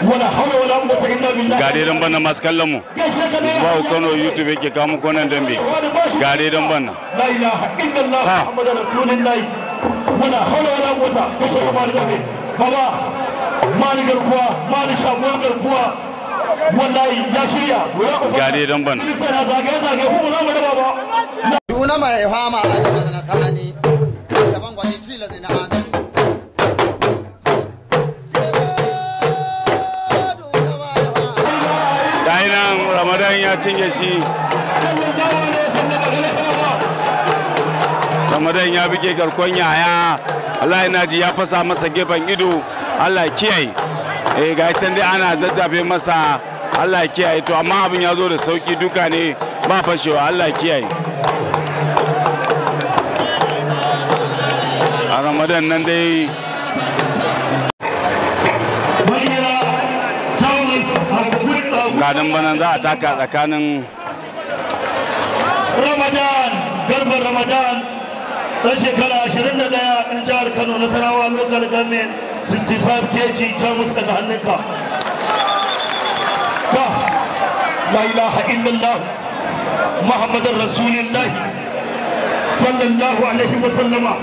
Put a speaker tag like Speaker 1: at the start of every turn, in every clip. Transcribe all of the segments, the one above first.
Speaker 1: gade dai don
Speaker 2: bana masu kallon mu
Speaker 1: ba ku
Speaker 2: kano youtube yake kamun konan dambe ga dai don bana
Speaker 1: baba mani garkuwa mani shaguwar garkuwa wallahi ya shirya gade dai don bana duna mai fama a yi na daban gwani cila zina
Speaker 2: ya cinye shi ramadan ya buge garkon yaya Allah ina ji ya fasa masa gefen ido Allah kiyaye eh ga can dai ana daddabe masa Allah kiyaye to amma abin ya zo da sauki duka ne ba fashewa Allah kiyaye a ramadan nan dai nan bana za a taka tsakanin
Speaker 1: ramadan garba ramadan ɗan shekara 21 ɗan jihar kano na nasarawa local government 65 kg jamus daga hannunka ba la ilaha illallah muhammadin rasulillahi sallallahu alaihi wasallama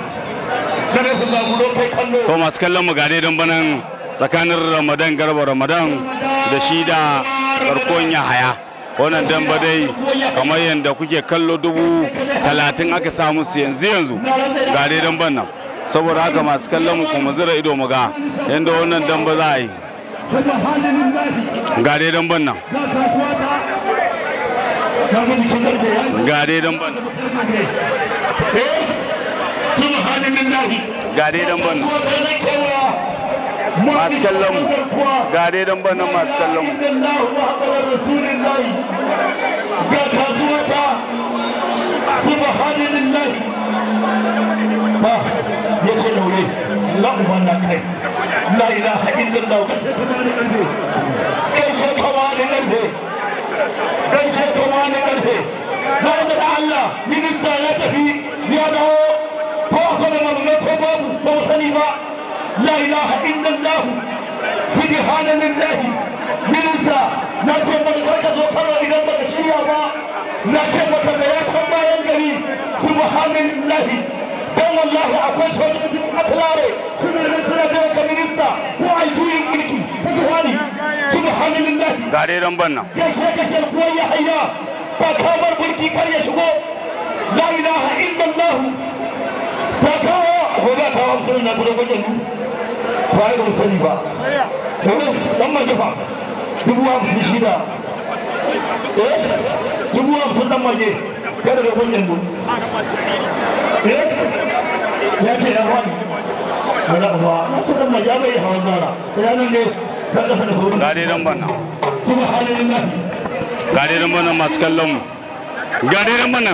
Speaker 1: kada ku samu kai
Speaker 2: kallo ko masu kallon mu ga don banan tsakanin ramadan garba ramadan da shi da ya yahaya wannan damba dai kamar yadda kuke kallo dubu talatin aka samu su yanzu yanzu ga dai damban nan saboda haka masu kallon mu kuma zira ido mu ga yadda wannan damba za a yi ga dai damban nan ga dai damban nan ga dai damban nan masu kallon mu ga dai masu kallon
Speaker 1: mu ga subhanallahi ba la ubanna kai la ilaha illallah kai sai kuma da nabi kai sai kuma na da Allah minista ya tafi ya dawo ko akwai manzo ko babu ba mu sani ba la ilaha illallah subhanallahi minsa na ce maka kar ka zo karo idan baka shirya ba na ce maka da ya san bayan gari subhanallahi dan wallahi akwai sojojin atlare suna nan suna jiran ka minista ko a juyin kirki ta duhani subhanallahi
Speaker 2: gare ya
Speaker 1: shigo la ilaha gobe kawo amsarin na ba ya mu sani ba domin dan mage fa dubu hamsin shi da eh dubu hamsin dan mage kada da kun yanzu eh ya ce ya hawa
Speaker 2: wala ba na ce dan mage ya bai hawan dara ya nan ne kan kasa da sauran gade dan banna subhanallah gade dan banna masu kallon mu gade dan banna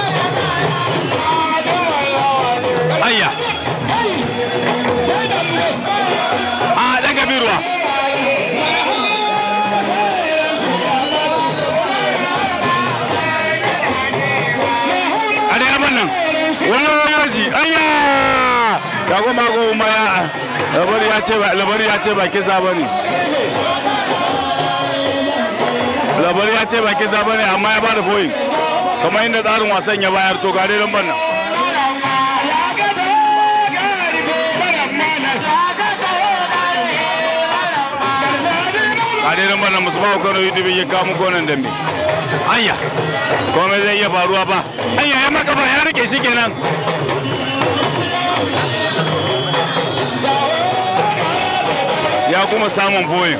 Speaker 2: ya goma goma ya labari ya ce labari ya ce ba kisa bane labari ya ce ba kisa bane amma ya bada foyin kamar inda tsarin wasan ya bayar to ga dai lambar nan ga dai lambar nan musamman kano yudubi ya kawo muku wannan dambe anya kome zai iya faruwa ba anya ya maka ba ya rike shi kenan ya kuma samun boyin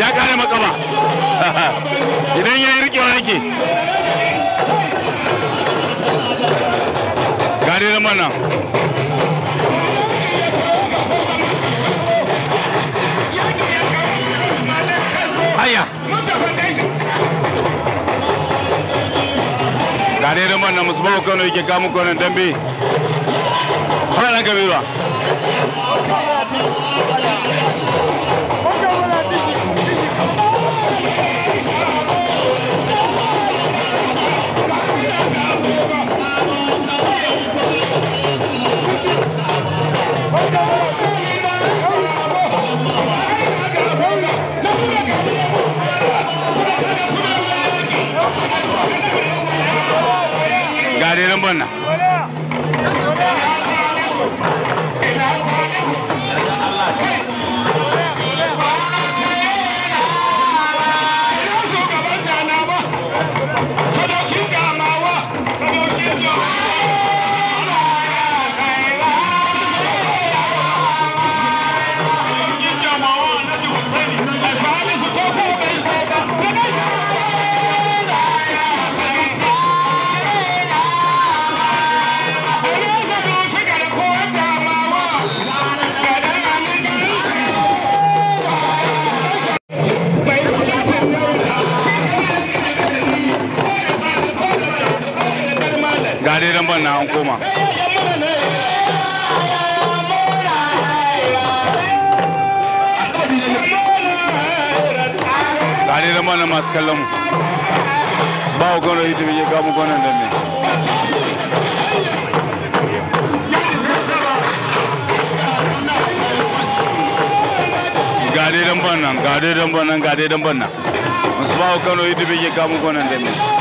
Speaker 2: ya kare makaba idan ya yi rikewa yake gari da mana haya ga dai da manna musu ba kano yake kamun kwanan dambe har ɗan kabewa are lambar nan ban na an koma gane da mana masu kallon mu ba wa gano hidimi ya gamu gwanon da ne gade dan bannan gade dan bannan gade dan bannan musu ba kano yi dubi ya kamu gwanan da mai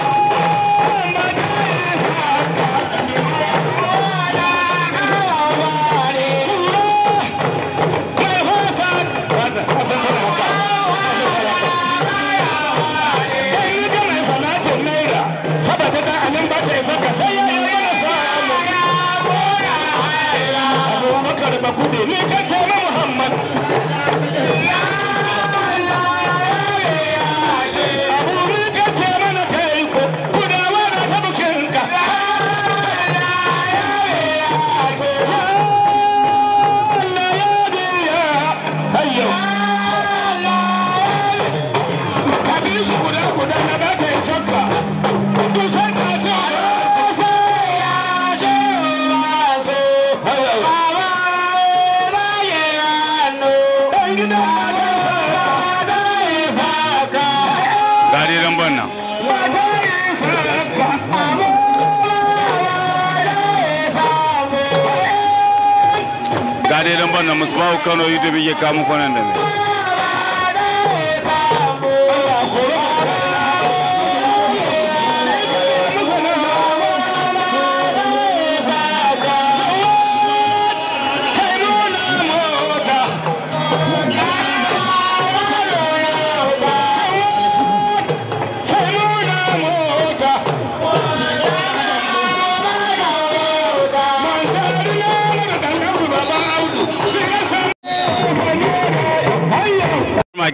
Speaker 2: na dai lambar na musbahu kano youtube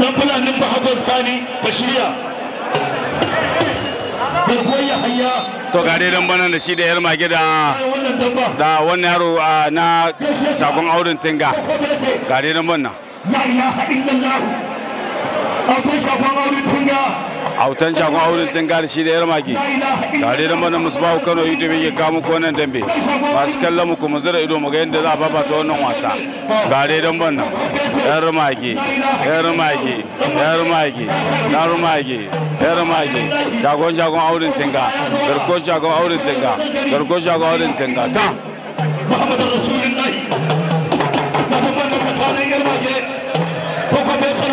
Speaker 1: dan fulanin bahagon sani ba shirya ya hayya
Speaker 2: to ga dai dan bana da shi da yar mage da da wannan yaro na shagon auren tinga ga dai dan bana la
Speaker 1: ilaha illallah a shagon auren tinga
Speaker 2: autan shagon aure din gari shi da yar maki tare da manan kano youtube yake kawo muku wannan dambe masu kallon mu kuma zira ido mu ga yadda za a babata wannan wasa gare da mana yar maki yar maki yar maki yar maki yar maki shagon shagon aure tinga garkon shagon aurin tinga garkon shagon aurin tinga ta
Speaker 1: muhammadu rasulullahi muhammadu kuma bai san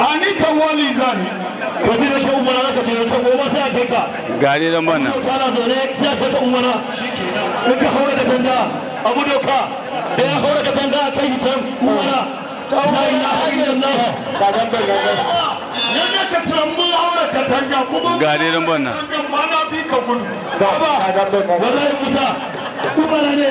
Speaker 1: ani ta wali zan ka je da ke umara ka je da ta goma sai a kai
Speaker 2: ka gari dan ban nan
Speaker 1: kana zaune sai a kai ta umara in ka haura ka tanda abu doka da ya haura ka tanda a kai shi can umara la ilaha illallah ka dan ban nan yana ka tambu haura ka tanda kuma gari dan ban nan na bi ka gudu baba wallahi musa umara ne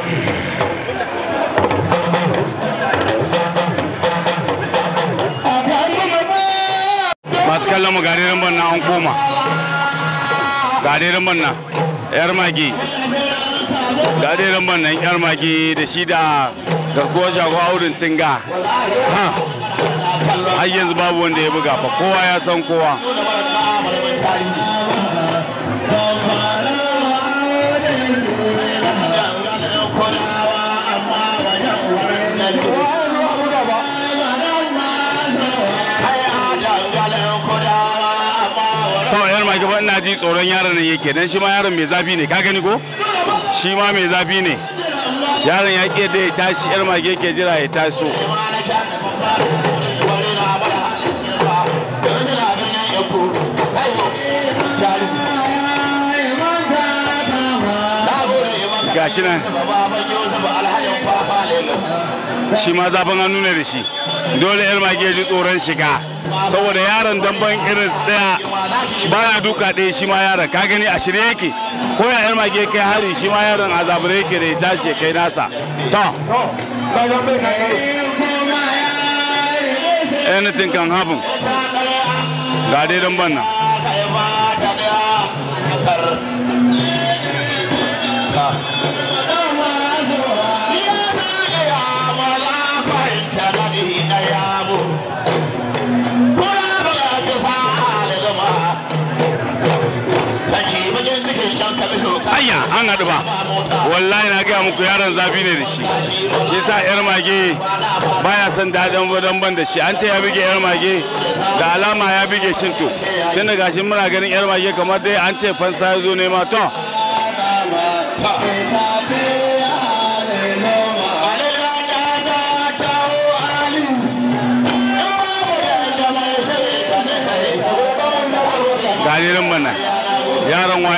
Speaker 2: kalla mu gariran banna an koma gariran banna yar magi gariran banna yar magi da shi da garkuwa shago aurin tinga har yanzu babu wanda ya buga fa kowa ya san kowa ji tsoron yaron ne yake dan shi ma yaron mai zafi ne ka gani ko shi ma mai zafi ne yaron ya ke da ya tashi yar mage ke jira ya taso gashi nan shi ma zafin hannu ne da shi dole yar mage ji tsoron shiga saboda yaron damban irin daya ba ya duka ɗaya shi ma yaron ka gani a shirye yake ko ya yar mage kai hari shi ma yaron a zabure yake da ya tashi ya kai nasa to anything can happen ga dai damban nan ayya an haɗu ba wallahi na gaya muku yaron zafi ne da shi yasa yar mage baya son daɗin ban da shi an ce ya bige yar mage da alama ya bige shinto tun da gashi muna ganin yar mage kamar dai an ce fansa ya zo ma to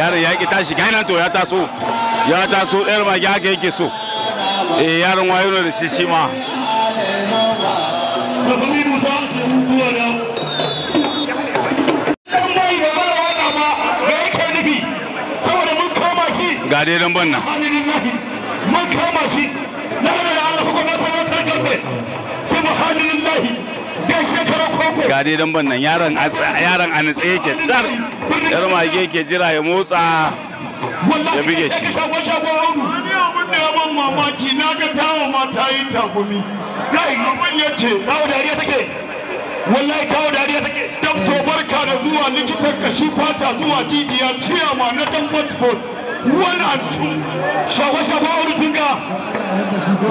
Speaker 2: yaro ya ki tashi gainan to ya taso ya taso ɗayar magi haka yake so eh yaron wayo ne da shi ma ga dai dan banna
Speaker 1: mun kama shi na da Allah ko ba sanar da kafe subhanallahi dai shekara
Speaker 2: koko ga dai dan bannan yaron yaron a nitsaye ke tsar yar mage ke jira ya motsa ya bige shi
Speaker 1: wani abin da ya man mamaki na ga tawa ma ta yi takumi gai abin ya ce tawo dariya take wallahi tawo dariya take dabto barka da zuwa likitan kashi fata zuwa jijiya ciyama na dan passport one and two shago shago auri tunga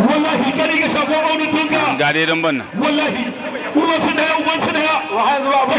Speaker 1: wallahi kari ga shago auri tunga
Speaker 2: ga dai dan banna
Speaker 1: wallahi su daya uwansu daya wa hazu ba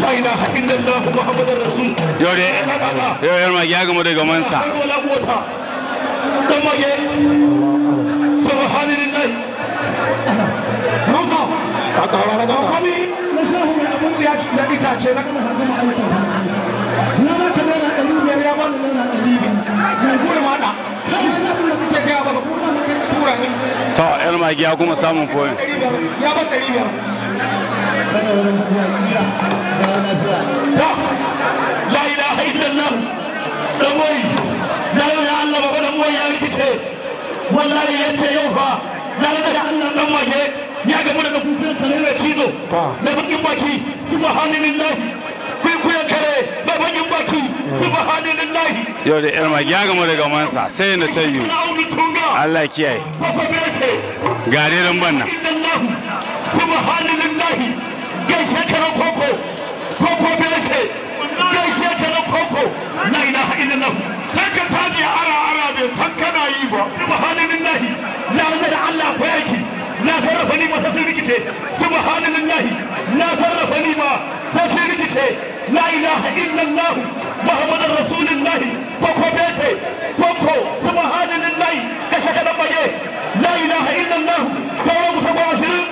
Speaker 1: la ilaha illallah muhammadar rasul
Speaker 2: yau da yau yar magi ya subhanallah
Speaker 1: ka kara da kami na shahu mai abun da ya da itace na
Speaker 2: da yar kuma samun koyi
Speaker 1: ya ba wallahi ya ce yau fa na rada da Allah dan waje ya ga mana da kukan sarere
Speaker 2: cizo da
Speaker 1: bakin baki subhanallah kai ku kare da bakin baki subhanallah
Speaker 2: yau da yar magi ya ga mu daga mansa sai na tayyu Allah kiyaye gare ran banna
Speaker 1: subhanallah gaishe karo koko koko bese kai ce ka na koko la ilaha illallah sai ka ara ara bai san kana yi ba subhanallahi la zara Allah ko yake na sarrafa ni ma sai sun rikice subhanallahi na sarrafa ni ma sai sun rikice la ilaha illallah muhammadar rasulullahi koko bese koko subhanallahi kashe kadan baje la ilaha illallah sauran musamman ashirin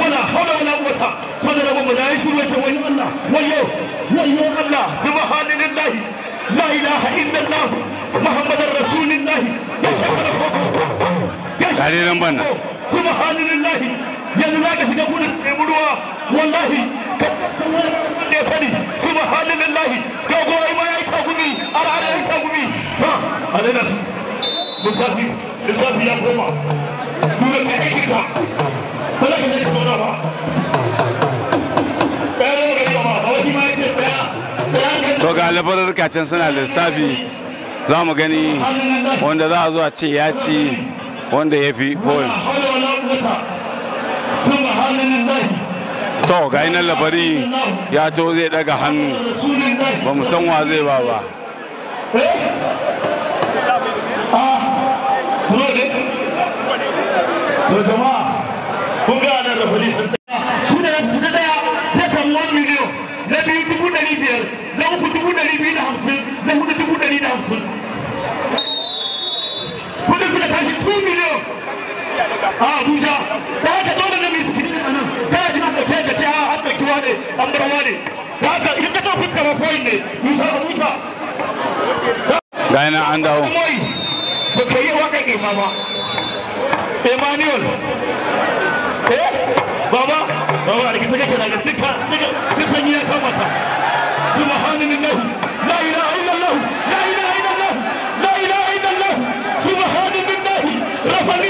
Speaker 1: wala haula wala quwwata sai da rabon mu da ya shi ruwa ce wani Allah wayo wayyo Allah subhanallah la ilaha illallah muhammadar rasulullah ya shakara koko
Speaker 2: ya shakara koko
Speaker 1: subhanallah yanzu za ka shiga gudun ɗebi ruwa wallahi ka da ya sani subhanallah ga goyi ya yi tagumi al'ada ya yi tagumi ha alaina ya koma to ga
Speaker 2: labarar kacin suna lissafi za mu gani wanda za a zuwa ce ya ci wanda ya fi poem to ga nan labari ya to zai daga hannu
Speaker 1: ba mu san wa zai ba ba ah, to jama'a gaya na an dawo ba ka yi emmanuel eh baba baba la ilaha illallah la ilaha illallah la ilaha illallah rafani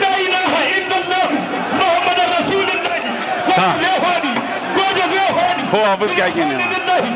Speaker 1: la ilaha illallah
Speaker 2: rasulullah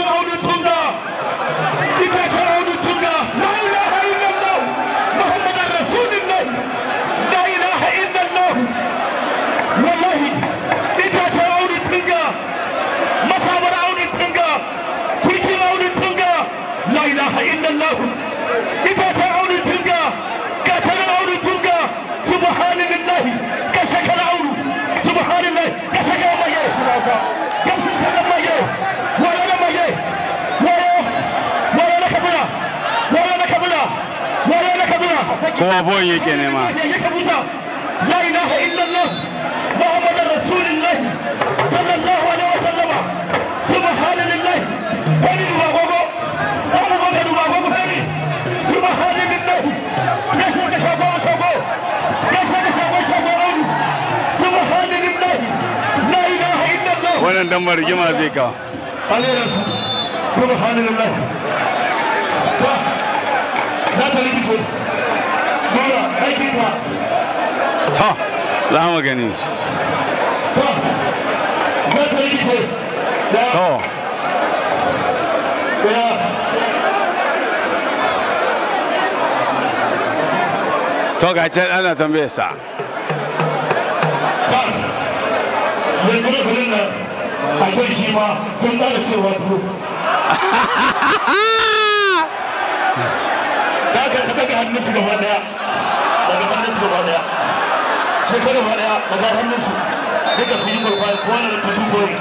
Speaker 2: kowa boyin yake nema
Speaker 1: la ilaha illallah muhammadar rasulullah sallallahu alaihi wasallama subhanallah wani duba gogo wani gogo duba gogo fari subhanallah ya shaka shago shago ya shaka shago shago abu subhanallah la ilaha
Speaker 2: illallah wannan dan marigima zai ka alaihi rasul subhanallah
Speaker 1: za ta rikice to gani to
Speaker 2: to ga a
Speaker 1: ma sun da ka ka daga hannun su gaba daya daga hannun su gaba daya ce ka gaba daya daga hannun su duka su yi gurfa ko na tutu goyi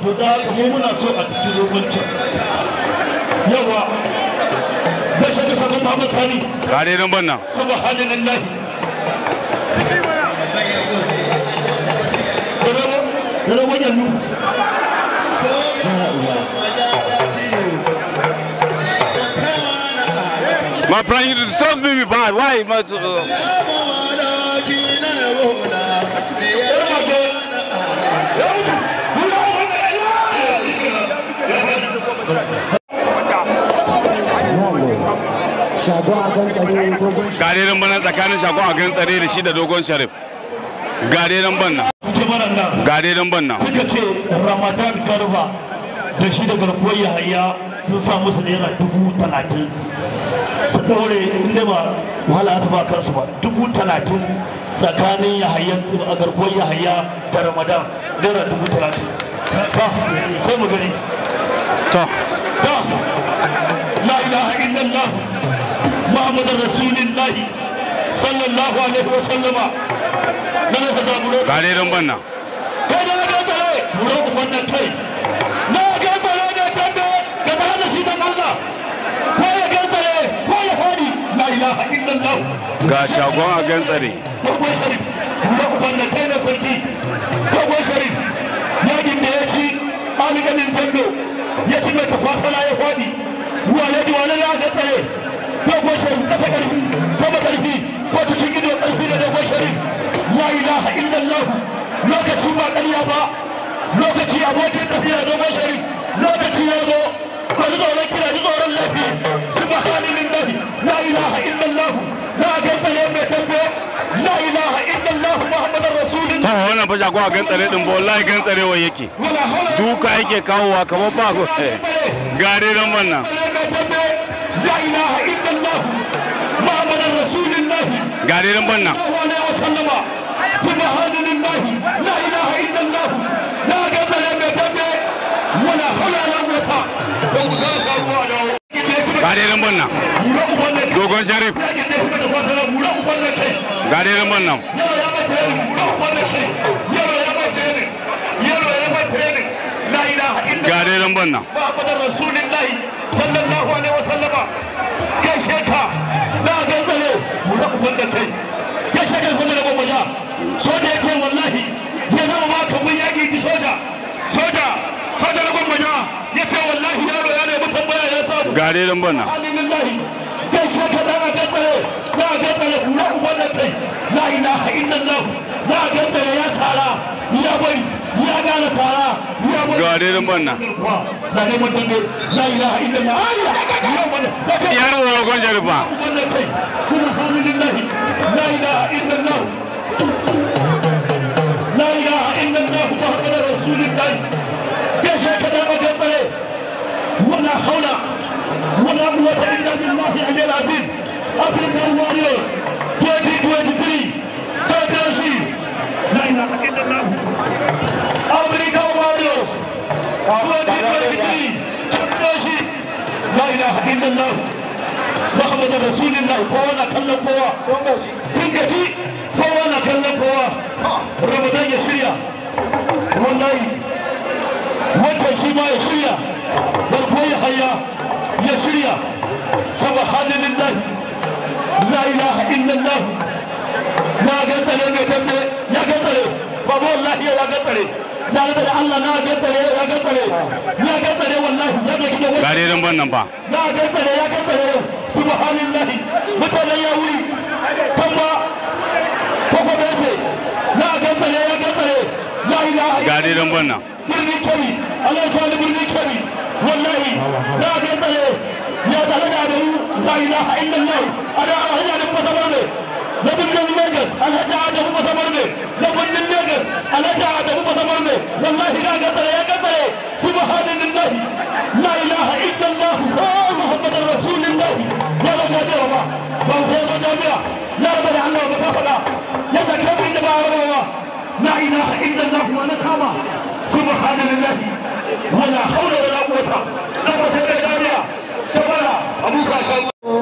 Speaker 1: to da mu muna so a tafi wancan yawa da shi da sabon Muhammad Sani
Speaker 2: kare nan banna
Speaker 1: subhanallahi
Speaker 2: Dole wajen nu. My me, why? My,
Speaker 1: uh, Gare
Speaker 2: nan bana tsakanin shagon a gan tsare da shi da dogon sharif gariran banna nan banna suka
Speaker 1: ce ramadan garba da shi da garkuwar yahaya sun sa musu naira dubu talatin su ɗaure inda ba wahala su ba kansu ba dubu talatin tsakanin yahaya a garkuwar yahaya da ramadan naira dubu talatin sai mu gani محمد a gan tsare yadin da ya ci alikamin bando ya ci ya fadi ruwa ya dogon sharif kasa karfi sama karfi ko cikin ido karfi da dogon sharif la ilaha illallah lokaci ba ƙarya ba lokaci abokin tafiya dogon sharif lokaci ya zo ba ji tsoron kira ji tsoron lafi subhanallahi la ilaha illallah la ga tsare mai tambaye la ilaha illallah muhammadar rasulullah
Speaker 2: to wannan fa jagowa gan tsare ɗin ba wallahi gan tsarewa yake duka yake kawowa kamar ba eh, gare ran wannan
Speaker 1: la ilaha illallah Muhammadan Rasulullah
Speaker 2: ga dai nan banna
Speaker 1: subhanallah la ilaha illallah
Speaker 2: la dogon sharif
Speaker 1: kashe ka da ga tsaro mu da uban kai shaka kuma da soja ya ce wallahi ya zama ma soja soja ya ce tambaya ya samu ga dai dan banna alhamdulillahi ya shaka da ga tsaro da ga tsaro la ilaha illallah da ga tsaro ya sara ya bari ga n'a
Speaker 2: ga daidai banna da
Speaker 1: ne mutum ne la African warriors kuma jirgin bikini cikin shi la ilaha illallah kowa na kallon kowa sun kowa na kallon kowa ya shirya wallahi wancan shi ya shirya ya haya ya shirya la ilaha na ga tsare ya ga baba wallahi ya gatsare na rada da Allah na gatsare ya gatsare ya gatsare wallahi ya ga kike gare dan ban nan ba na gatsare ya gatsare subhanallah mutanen ya wuri kan ba koko bese na gatsare ya gatsare la ilaha gare dan ban nan birni kebi Allah ya sani birni kebi wallahi na gatsare ya tare da la ilaha illallah da لابد من ليغاس الحاج عاد ابو بسمرني لابد من ليغاس الحاج عاد ابو بسمرني والله لا قصر يا قصر سبحان الله لا اله الا الله آه، محمد رسول الله يا رجاء ربا بوزير جامعه لا بد عنا وبكافلا يلا كم عند باربوا لا اله الا الله وانا كما سبحان الله ولا حول ولا قوه الا بالله تبارك ابو سعد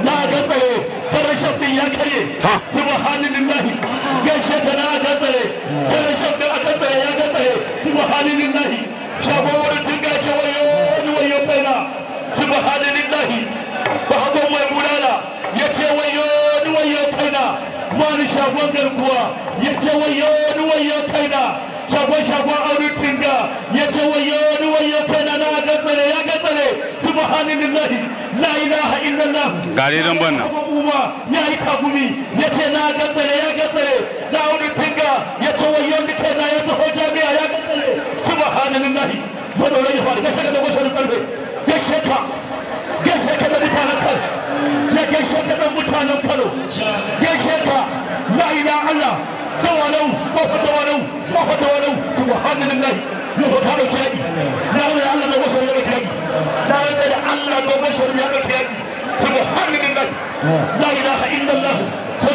Speaker 1: na ga tsaye farin shafin ya kare subhanallahi gaishe da na ga tsaye farin shafin aka tsaye ya ga tsaye subhanallahi shagowarin tun gace wayo wani wayo faina subhanallahi ba hagon mai bulala ya ce wayo ni wayo faina mani shagon garkuwa ya ce wayo ni wayo faina shagon shagon aurin tinga ya ce wayo ni wayo faina na ga tsare ya ga tsare subhanallahi la ilaha illallah
Speaker 2: gare dan banna
Speaker 1: ya yi kagumi ya ce na gatsare ya gatsare na wuri ya ce na ya taho jami'a ya subhanallahi ya da karfe da mutanen ya da mutanen kano la ilaha ko ko subhanallahi mu na wuri allah da karfe na rantsa da Allah ba bashirin ya ɗauki yaƙi subhanallah la ilaha illallah sai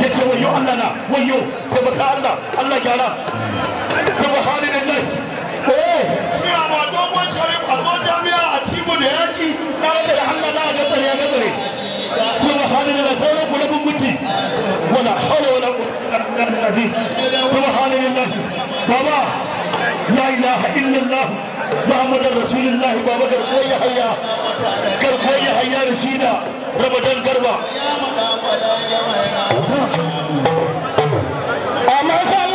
Speaker 1: ya ce wayo Allah na wayo ko baka Allah Allah gyara a zo jami'a a cibo da yaƙi na rantsa da Allah na ya sauran wala hawa wala quwwata illa billah baba la ilaha illallah Muhammadan Rasulullahi baba magar Yahaya. ya hayya da Sina, da Ramadan garba